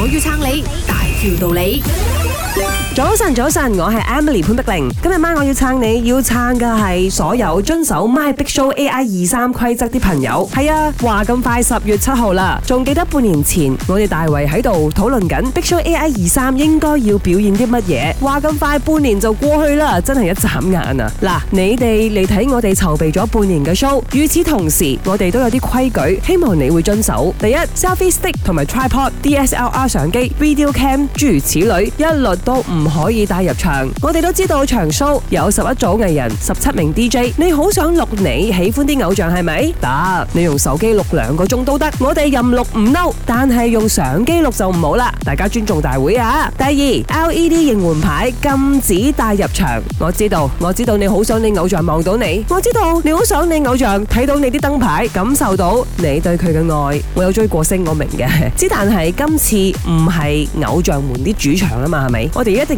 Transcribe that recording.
我要撐你，大條道理。早晨，早晨，我係 Emily 潘碧玲。今日晚上我要撐你，要撐嘅係所有遵守 My Big Show AI 二三規則啲朋友。係啊，話咁快十月七號啦，仲記得半年前我哋大圍喺度討論緊 Big Show AI 二三應該要表現啲乜嘢？話咁快半年就過去啦，真係一眨眼啊！嗱，你哋嚟睇我哋籌備咗半年嘅 show，與此同時我哋都有啲規矩，希望你會遵守。第一，selfie stick 同埋 tripod、DSLR 相機、video cam 諸如此類，一律都唔可以帶入場，我哋都知道場 show 有十一組藝人、十七名 DJ，你好想錄你喜歡啲偶像係咪？得，你用手機錄兩個鐘都得，我哋任錄唔嬲，但係用相機錄就唔好啦。大家尊重大會啊！第二，LED 應援牌禁止帶入場，我知道，我知道你好想你偶像望到你，我知道你好想你偶像睇到你啲燈牌，感受到你對佢嘅愛。我有追過星，我明嘅，之但係今次唔係偶像們啲主場啊嘛，係咪？我哋一直